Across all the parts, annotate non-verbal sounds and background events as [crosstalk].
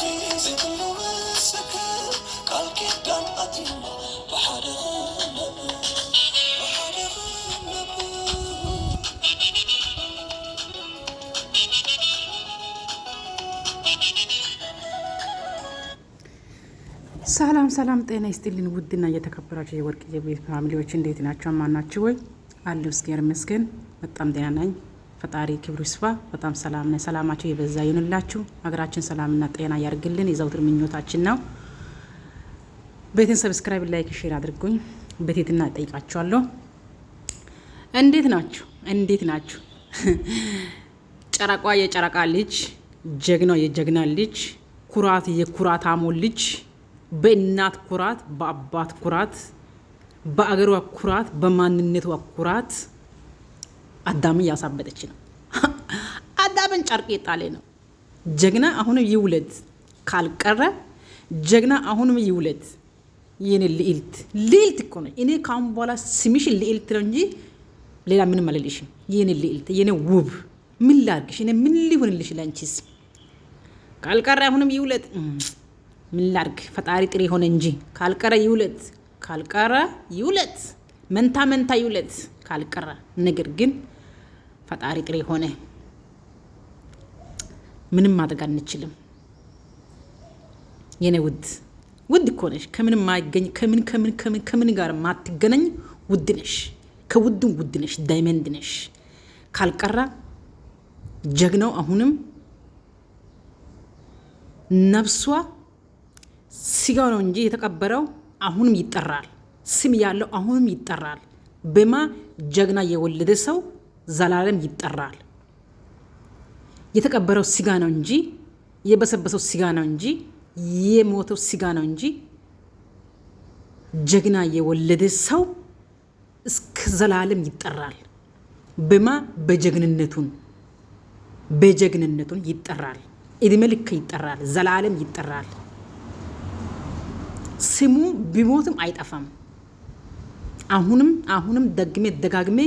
ሰላም ሰላም፣ ጤና ይስጥልን ውድና እየተከበራችሁ የወርቅዬ የቤት ፋሚሊዎች እንዴት ናቸው? ማናችሁ ወይ አለሁ። እስኪ ይመስገን በጣም ጤና ነኝ። ፈጣሪ ክብሩ ይስፋ። በጣም ሰላም ነን። ሰላማቸው የበዛ ይሁንላችሁ። ሀገራችን ሰላምና ጤና ያርግልን የዘውትር ምኞታችን ነው። ቤትን ሰብስክራይብ፣ ላይክ፣ ሼር አድርጉኝ። በቴትና ጠይቃችኋለሁ። እንዴት ናችሁ? እንዴት ናችሁ? ጨረቋ የጨረቃ ልጅ፣ ጀግና የጀግና ልጅ፣ ኩራት አሞ ልጅ፣ በእናት ኩራት፣ በአባት ኩራት፣ በአገሯ ኩራት፣ በማንነቷ ኩራት አዳም እያሳበደች ነው። [laughs] አዳምን ጨርቅ የጣሌ ነው። ጀግና አሁንም ይውለድ ካልቀረ ጀግና አሁንም ይውለድ። የኔ ልዕልት ልዕልት እኮ ነው። እኔ ከአሁን በኋላ ስምሽ ልዕልት ነው እንጂ ሌላ ምንም አልልሽም። የኔ ልዕልት፣ የኔ ውብ፣ ምን ላርግሽ? እኔ ምን ሊሆንልሽ ለንቺስ ካልቀረ አሁንም ይውለድ። ምን ላርግ? ፈጣሪ ጥሪ የሆነ እንጂ ካልቀረ ይውለድ፣ ካልቀረ ይውለድ፣ መንታ መንታ ይውለድ። ካልቀረ ነገር ግን ፈጣሪ ጥሬ ሆነ ምንም ማድረግ አንችልም። የኔ ውድ ውድ እኮ ነሽ። ከምንም ማይገኝ ከምን ከምን ከምን ከምን ጋር ማትገናኝ ውድ ነሽ። ከውድም ውድ ነሽ፣ ዳይመንድ ነሽ። ካልቀራ ጀግናው አሁንም ነፍሷ ስጋው ነው እንጂ የተቀበረው አሁንም ይጠራል። ስም ያለው አሁንም ይጠራል። በማ ጀግና የወለደ ሰው ዘላለም ይጠራል። የተቀበረው ስጋ ነው እንጂ የበሰበሰው ስጋ ነው እንጂ የሞተው ስጋ ነው እንጂ ጀግና የወለደ ሰው እስከ ዘላለም ይጠራል። በማ በጀግንነቱን በጀግንነቱን ይጠራል። እድሜ ልክ ይጠራል። ዘላለም ይጠራል። ስሙ ቢሞትም አይጠፋም። አሁንም አሁንም ደግሜ ደጋግሜ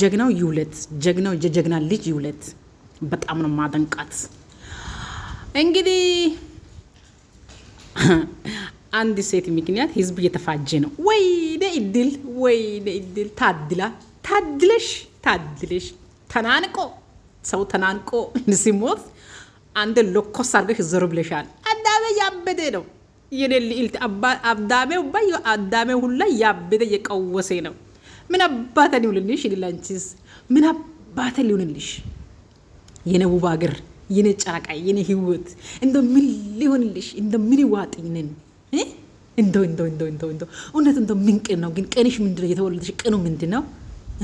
ጀግናው ይውለት፣ ጀግናው የጀግና ልጅ ይውለት። በጣም ነው ማደንቃት። እንግዲህ [laughs] አንድ ሴት ምክንያት ህዝብ እየተፋጀ ነው። ወይኔ እድል፣ ወይኔ እድል! ታድላ ታድለሽ፣ ታድለሽ! ተናንቆ ሰው ተናንቆ ሲሞት አንድ ሎኮስ አድርገሽ ዘሩ ብለሻል። አዳበ ያበደ ነው። የኔ ልዕልት አብዳሜው ባየ አዳሜው ሁላ ያበደ የቀወሰ ነው። ምን አባተ ሊሆንልሽ ይላንቺስ? ምን አባተ ሊሆንልሽ? የኔ ውብ ሀገር፣ የኔ ጨረቃ፣ የኔ ህይወት እንደ ምን ሊሆንልሽ? እንደ ምን ይዋጥኝንን እንደው እንደው እንደው እንደው እንደው እውነት እንደው ምን ቀን ነው ግን ቀንሽ? ምንድነው የተወለደሽ ቀኑ ነው?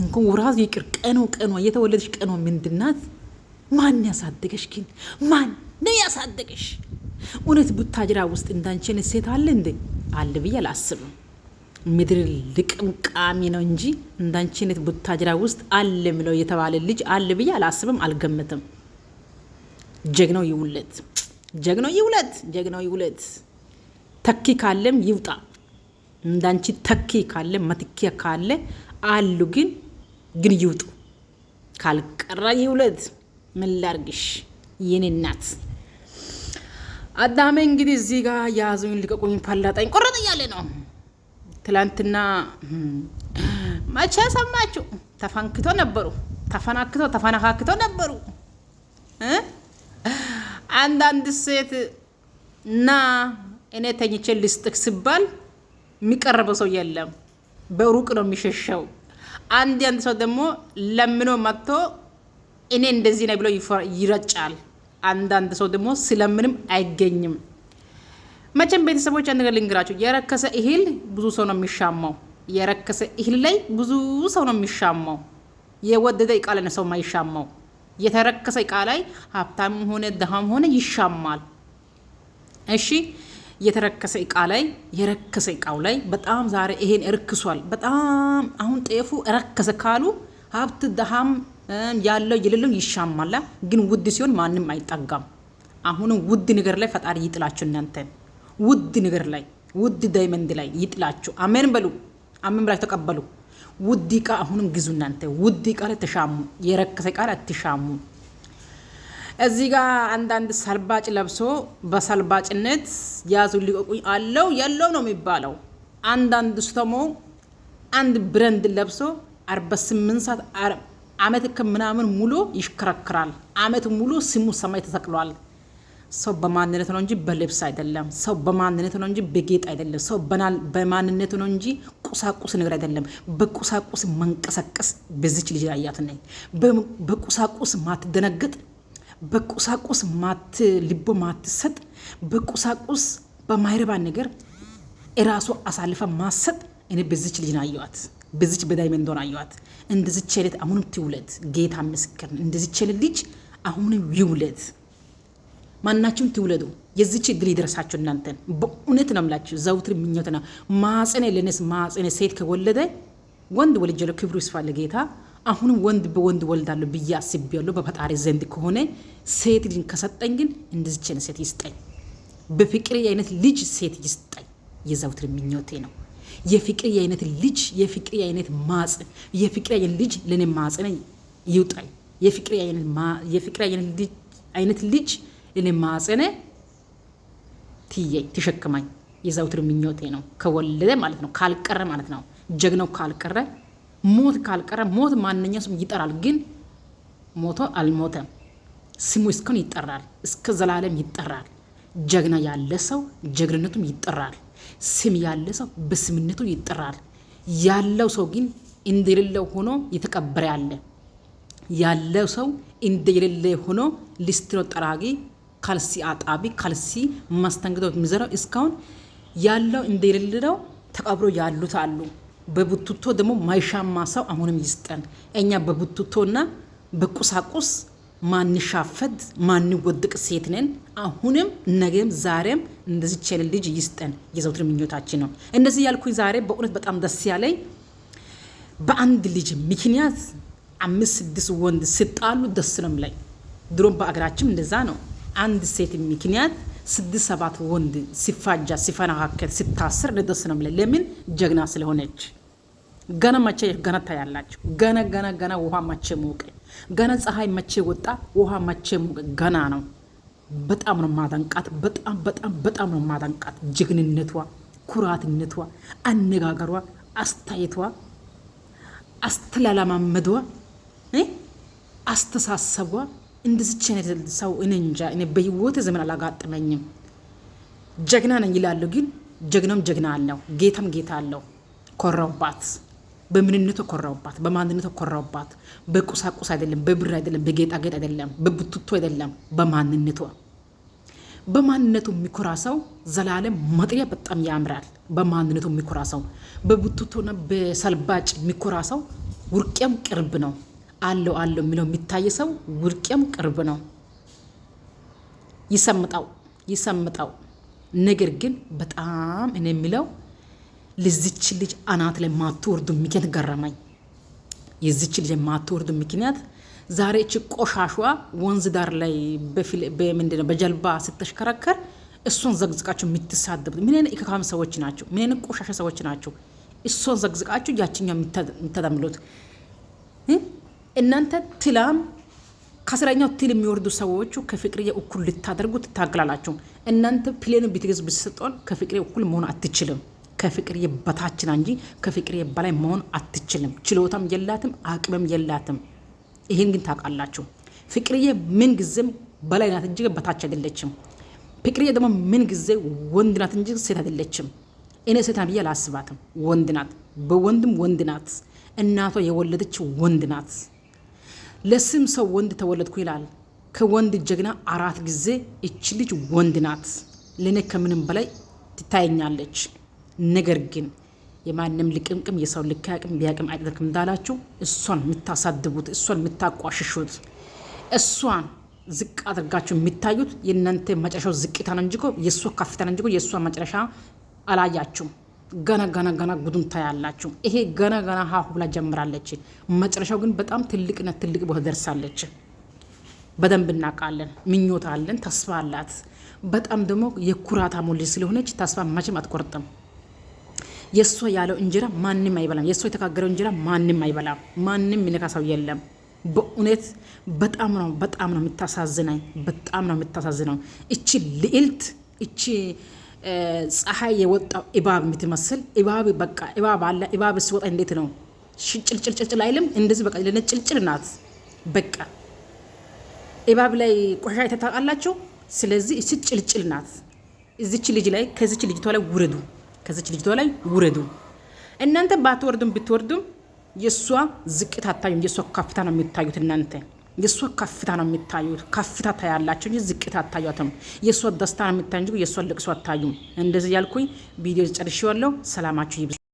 እንኳን ወራዙ ይቅር ቀኑ ቀኑ የተወለደሽ ቀኑ ቀኗ ምንድናት? ማን ያሳደገሽ ግን? ማን ነው ያሳደገሽ? እውነት ቡታጅራ ውስጥ እንዳንችን ሴት አለ እንዴ? አለ ብዬ አላስብም። ምድር ልቅምቃሚ ነው እንጂ እንዳንችነት ቡታጅራ ውስጥ አለ ምለው የተባለ ልጅ አለ ብዬ አላስብም፣ አልገምትም። ጀግናው ይውለት፣ ጀግናው ይውለት፣ ጀግናው ይውለት። ተኪ ካለም ይውጣ። እንዳንቺ ተኪ ካለ መትኪያ ካለ አሉ፣ ግን ግን ይውጡ። ካልቀራ ይውለት። ምን ላርግሽ የኔ እናት? አዳሜ እንግዲህ እዚህ ጋር ያዙኝ ልቀቁኝ ፈላጣኝ ቆረጥ እያለ ነው። ትላንትና መቼ ሰማችሁ? ተፈንክቶ ነበሩ፣ ተፈናክቶ ተፈነካክቶ ነበሩ። አንዳንድ ሴት እና እኔ ተኝቼ ልስጥክ ስባል የሚቀረበው ሰው የለም፣ በሩቅ ነው የሚሸሸው። አንድ አንድ ሰው ደግሞ ለምኖ መጥቶ እኔ እንደዚህ ነው ብሎ ይረጫል። አንዳንድ ሰው ደግሞ ስለምንም አይገኝም። መቼም ቤተሰቦች አንድ ነገር ልንገራችሁ፣ የረከሰ እህል ብዙ ሰው ነው የሚሻማው። የረከሰ እህል ላይ ብዙ ሰው ነው የሚሻማው። የወደደ እቃ ላይ ነው ሰው ማይሻማው። የተረከሰ እቃ ላይ ሀብታም ሆነ ድሃም ሆነ ይሻማል። እሺ የተረከሰ እቃ ላይ የረከሰ እቃው ላይ በጣም ዛሬ ይሄን እርክሷል፣ በጣም አሁን ጤፉ ረከሰ ካሉ ሀብት ድሃም ያለው ይልልም ይሻማላ። ግን ውድ ሲሆን ማንም አይጠጋም። አሁንም ውድ ነገር ላይ ፈጣሪ ይጥላችሁ። እናንተ ውድ ነገር ላይ ውድ ዳይመንድ ላይ ይጥላችሁ። አሜን በሉ። አሜን ብላችሁ ተቀበሉ። ውድ እቃ አሁንም ግዙ። እናንተ ውድ እቃ ላይ ተሻሙ። የረከሰ ቃል አትሻሙ። እዚህ ጋር አንዳንድ ሰልባጭ ለብሶ በሰልባጭነት ያዙ ሊቆቁኝ አለው ያለው ነው የሚባለው። አንዳንድ ስተሞ አንድ ብረንድ ለብሶ 48 ሰዓት አመት ከምናምን ሙሉ ይሽከረክራል። አመት ሙሉ ስሙ ሰማይ ተሰቅሏል። ሰው በማንነት ነው እንጂ በልብስ አይደለም። ሰው በማንነት ነው እንጂ በጌጥ አይደለም። ሰው በማንነት ነው እንጂ ቁሳቁስ ነገር አይደለም። በቁሳቁስ መንቀሳቀስ በዚች ልጅ አያት ነኝ። በቁሳቁስ ማትደነግጥ፣ በቁሳቁስ ማት ልቦ ማትሰጥ፣ በቁሳቁስ በማይረባ ነገር እራሱ አሳልፈ ማሰጥ እኔ በዚች ልጅ አየዋት። ብዝች በዳይመንድ ሆና አየዋት። እንደዚች አይነት አሁንም ትውለድ። ጌታ ምስክር ነው። አይነት ልጅ አሁንም ይውለድ። ማናችሁም ትውለዱ። የዚች እድል ይደርሳችሁ እናንተን። በእውነት ነው የምላችሁ፣ ዘውትር ምኞት ማጽኔ ለነስ ማጽኔ ሴት ከወለደ ወንድ ወልጀለው፣ ክብሩ ይስፋ ለጌታ። አሁንም ወንድ በወንድ ወልዳለሁ ብዬ አስቤያለሁ በፈጣሪ ዘንድ ከሆነ ሴት ልጅ ከሰጠኝ ግን እንደዚች አይነት ሴት ይስጠኝ። በፍቅር አይነት ልጅ ሴት ይስጠኝ። የዘውትር ምኞቴ ነው። የፍቅር የአይነት ልጅ የፍቅር የአይነት ማጽ የፍቅር የአይነት ልጅ ለእኔ ማጽነ ይውጣኝ። የፍቅር አይነት ልጅ ለእኔ ማጽነ ትዬ ትሸክማኝ። የዘወትር ምኞቴ ነው። ከወለደ ማለት ነው፣ ካልቀረ ማለት ነው። ጀግነው ካልቀረ ሞት ካልቀረ ሞት ማንኛው ስም ይጠራል፣ ግን ሞቶ አልሞተም። ስሙ እስካሁን ይጠራል፣ እስከ ዘላለም ይጠራል። ጀግና ያለ ሰው ጀግንነቱም ይጠራል። ስም ያለ ሰው በስምነቱ ይጠራል። ያለው ሰው ግን እንደሌለው ሆኖ የተቀበረ ያለ ያለው ሰው እንደሌለ ሆኖ ሊስትሮ ጠራጊ፣ ካልሲ አጣቢ፣ ካልሲ ማስተንግዶ የሚዘራው እስካሁን ያለው እንደሌለው ተቀብሮ ያሉት አሉ። በቡትቶ ደግሞ ማይሻማ ሰው አሁንም ይስጠን። እኛ በቡትቶና በቁሳቁስ ማንሻፈድ ማንወድቅ ሴት ነን። አሁንም ነገም ዛሬም እንደዚህ ቸል ልጅ ይስጠን የዘውትር ምኞታችን ነው። እንደዚህ ያልኩኝ ዛሬ በእውነት በጣም ደስ ያለኝ በአንድ ልጅ ምክንያት አምስት ስድስት ወንድ ስጣሉ ደስ ነው ላይ ድሮም በአገራችን እንደዛ ነው። አንድ ሴት ምክንያት ስድስት ሰባት ወንድ ሲፋጃ ሲፈናካከል ሲታሰር ደስ ነው ላይ ለምን ጀግና ስለሆነች ገና መቼ ገና ታያላችሁ። ገና ገና ገና ውሃ መቼ ሞቀ ገና ፀሐይ መቼ ወጣ፣ ውሃ መቼ ገና ነው። በጣም ነው ማደንቃት። በጣም በጣም በጣም ነው ማደንቃት። ጀግንነቷ፣ ኩራትነቷ፣ አነጋገሯ፣ አስተያየቷ፣ አስተላለማመዷ፣ አስተሳሰቧ እንደዚች አይነት ሰው እኔ እንጃ እኔ በህይወት ዘመን አላጋጥመኝም። ጀግና ነኝ ይላሉ፣ ግን ጀግናም ጀግና አለው፣ ጌታም ጌታ አለው። ኮራውባት በምንነቱ ኮራውባት፣ በማንነቱ ኮራውባት። በቁሳቁስ አይደለም፣ በብር አይደለም፣ በጌጣጌጥ አይደለም፣ በብትቶ አይደለም፣ በማንነቱ በማንነቱ የሚኮራ ሰው ዘላለም መጥሪያ በጣም ያምራል። በማንነቱ የሚኮራ ሰው በብትቶና በሰልባጭ የሚኮራ ሰው ውርቅያም ቅርብ ነው። አለው አለው የሚለው የሚታይ ሰው ውርቅያም ቅርብ ነው። ይሰምጣው ይሰምጣው። ነገር ግን በጣም እኔ የሚለው ለዚች ልጅ አናት ላይ ማትወርዱ ምክንያት ገረመኝ። የዚች ልጅ ማትወርዱ ምክንያት ዛሬ እች ቆሻሿ ወንዝ ዳር ላይ ምንድነው በጀልባ ስተሽከረከር እሷን ዘግዝቃችሁ የምትሳደቡት ምን አይነት ኢካካም ሰዎች ናቸው? ምን አይነት ቆሻሻ ሰዎች ናቸው? እሷን ዘግዝቃችሁ ያችኛው የምታደምሉት እናንተ ትላም ከስረኛው ትል የሚወርዱ ሰዎቹ ከፍቅርዬ እኩል ልታደርጉ ትታገላላችሁ። እናንተ ፕሌኑ ቢትገዝ ብትሰጧል ከፍቅርዬ እኩል መሆን አትችልም። ከፍቅር በታችና እንጂ ከፍቅር በላይ መሆን አትችልም። ችሎታም የላትም፣ አቅምም የላትም። ይህን ግን ታውቃላችሁ። ፍቅርዬ ምን ጊዜም በላይ ናት እንጂ በታች አይደለችም። ፍቅርዬ ደግሞ ምን ጊዜ ወንድ ናት እንጂ ሴት አይደለችም። እኔ ሴት ናት ብዬ አላስባትም። ወንድ ናት፣ በወንድም ወንድ ናት። እናቷ የወለደች ወንድ ናት። ለስም ሰው ወንድ ተወለድኩ ይላል። ከወንድ ጀግና አራት ጊዜ እች ልጅ ወንድ ናት። ለእኔ ከምንም በላይ ትታየኛለች። ነገር ግን የማንም ልቅምቅም የሰው ልክ ያቅም ቢያቅም አይጠቅም እንዳላችሁ እሷን የምታሳድቡት እሷን የምታቋሽሹት እሷን ዝቅ አድርጋችሁ የሚታዩት የእናንተ መጨረሻው ዝቅታ ነው እንጂ የእሷ ከፍታ ነው እንጂ የእሷ መጨረሻ አላያችሁም። ገና ገና ገና ጉዱን ታያላችሁ። ይሄ ገና ገና ሀሁ ብላ ጀምራለች። መጨረሻው ግን በጣም ትልቅነት ትልቅ ቦታ ደርሳለች። በደንብ እናውቃለን። ምኞት አለን፣ ተስፋ አላት። በጣም ደግሞ ሞልጅ ስለሆነች ተስፋ መቼም አትቆርጥም። የእሷ ያለው እንጀራ ማንም አይበላም። የእሷ የተጋገረው እንጀራ ማንም አይበላም። ማንም የሚነካ ሰው የለም። በእውነት በጣም ነው በጣም ነው የምታሳዝናኝ። በጣም ነው የምታሳዝነው። እቺ ልዕልት እቺ ፀሐይ የወጣው እባብ የምትመስል እባብ በቃ እባብ አለ። እባብ ሲወጣ እንዴት ነው ሽጭልጭልጭልጭል አይልም? እንደዚህ በቃ ለነ ጭልጭል ናት። በቃ እባብ ላይ ቆሻ የተታቃላቸው። ስለዚህ እቺ ናት። እዚች ልጅ ላይ ከዚች ልጅቷ ላይ ውረዱ። ከዚች ልጅቷ ላይ ውረዱ። እናንተ ባትወርዱም ብትወርዱም የእሷ ዝቅት አታዩም። የእሷ ከፍታ ነው የሚታዩት። እናንተ የእሷ ከፍታ ነው የሚታዩት። ከፍታ ታያላቸው እንጂ ዝቅት አታዩትም። የእሷ ደስታ ነው የሚታዩ እንጂ የእሷ ልቅሶ አታዩም። እንደዚህ ያልኩኝ ቪዲዮ ጨርሼዋለሁ። ሰላማችሁ ይብዛ።